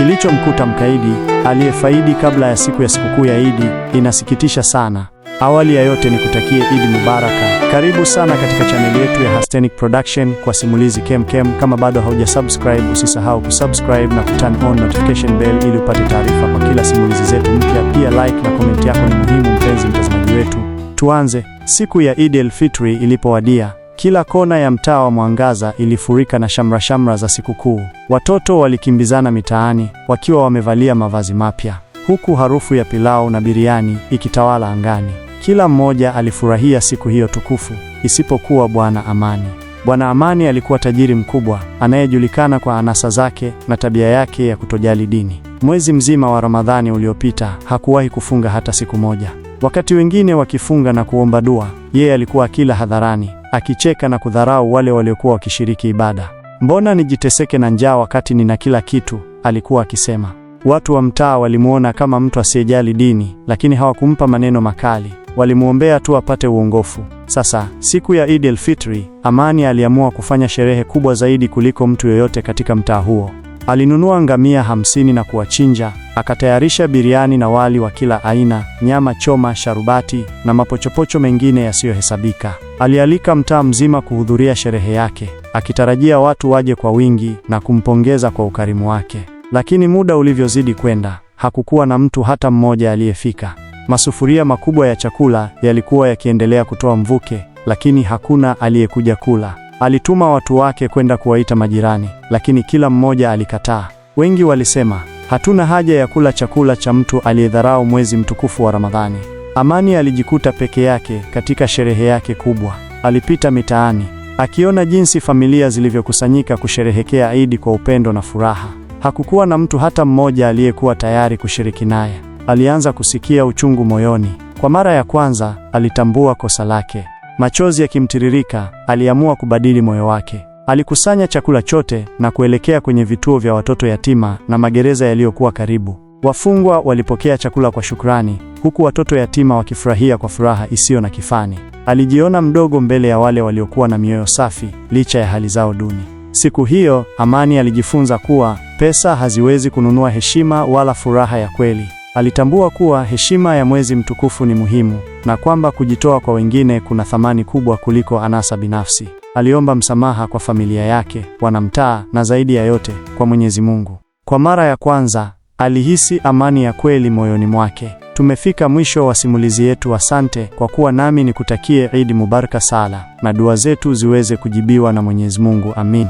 Kilichomkuta mkaidi aliyefaidi kabla ya siku ya sikukuu ya Idi inasikitisha sana. Awali ya yote, nikutakie Idi Mubaraka. Karibu sana katika chaneli yetu ya Hastenic Production kwa simulizi kem. Kama bado haujasubscribe, usisahau kusubscribe na kuturn on notification bell ili upate taarifa kwa kila simulizi zetu mpya. Pia like na komenti yako ni muhimu, mpenzi mtazamaji wetu. Tuanze. Siku ya Idi el ilipowadia kila kona ya mtaa wa Mwangaza ilifurika na shamrashamra za sikukuu. Watoto walikimbizana mitaani wakiwa wamevalia mavazi mapya, huku harufu ya pilau na biriani ikitawala angani. Kila mmoja alifurahia siku hiyo tukufu, isipokuwa Bwana Amani. Bwana Amani alikuwa tajiri mkubwa anayejulikana kwa anasa zake na tabia yake ya kutojali dini. Mwezi mzima wa Ramadhani uliopita hakuwahi kufunga hata siku moja wakati wengine wakifunga na kuomba dua. Yeye alikuwa akila hadharani, akicheka na kudharau wale waliokuwa wakishiriki ibada. Mbona nijiteseke na njaa wakati nina kila kitu? alikuwa akisema. Watu wa mtaa walimwona kama mtu asiyejali dini, lakini hawakumpa maneno makali, walimwombea tu apate uongofu. Sasa siku ya Eid al-Fitr, Amani aliamua kufanya sherehe kubwa zaidi kuliko mtu yoyote katika mtaa huo. Alinunua ngamia hamsini na kuwachinja Akatayarisha biriani na wali wa kila aina, nyama choma, sharubati na mapochopocho mengine yasiyohesabika. Alialika mtaa mzima kuhudhuria sherehe yake, akitarajia watu waje kwa wingi na kumpongeza kwa ukarimu wake. Lakini muda ulivyozidi kwenda, hakukuwa na mtu hata mmoja aliyefika. Masufuria makubwa ya chakula yalikuwa yakiendelea kutoa mvuke, lakini hakuna aliyekuja kula. Alituma watu wake kwenda kuwaita majirani, lakini kila mmoja alikataa. Wengi walisema Hatuna haja ya kula chakula cha mtu aliyedharau mwezi mtukufu wa Ramadhani. Amani alijikuta peke yake katika sherehe yake kubwa. Alipita mitaani akiona jinsi familia zilivyokusanyika kusherehekea Idi kwa upendo na furaha. Hakukuwa na mtu hata mmoja aliyekuwa tayari kushiriki naye. Alianza kusikia uchungu moyoni. Kwa mara ya kwanza alitambua kosa lake. Machozi yakimtiririka, aliamua kubadili moyo wake. Alikusanya chakula chote na kuelekea kwenye vituo vya watoto yatima na magereza yaliyokuwa karibu. Wafungwa walipokea chakula kwa shukrani, huku watoto yatima wakifurahia kwa furaha isiyo na kifani. Alijiona mdogo mbele ya wale waliokuwa na mioyo safi licha ya hali zao duni. Siku hiyo, Amani alijifunza kuwa pesa haziwezi kununua heshima wala furaha ya kweli. Alitambua kuwa heshima ya mwezi mtukufu ni muhimu na kwamba kujitoa kwa wengine kuna thamani kubwa kuliko anasa binafsi. Aliomba msamaha kwa familia yake, wanamtaa na zaidi ya yote kwa Mwenyezi Mungu. Kwa mara ya kwanza alihisi amani ya kweli moyoni mwake. Tumefika mwisho wa simulizi yetu. Asante kwa kuwa nami, nikutakie Idi Mubaraka sala na dua zetu ziweze kujibiwa na Mwenyezi Mungu. Amin.